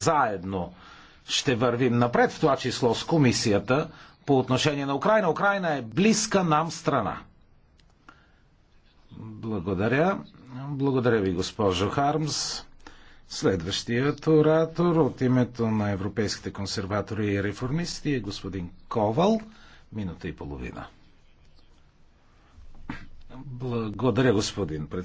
заедно ще вървим напред, в това число с комисията по отношение на Украина. Украина е близка нам страна. Благодаря. Благодаря ви, госпожо Хармс. Следващият оратор от името на европейските консерватори и реформисти е господин Ковал. Минута и половина. Благодаря, господин председател.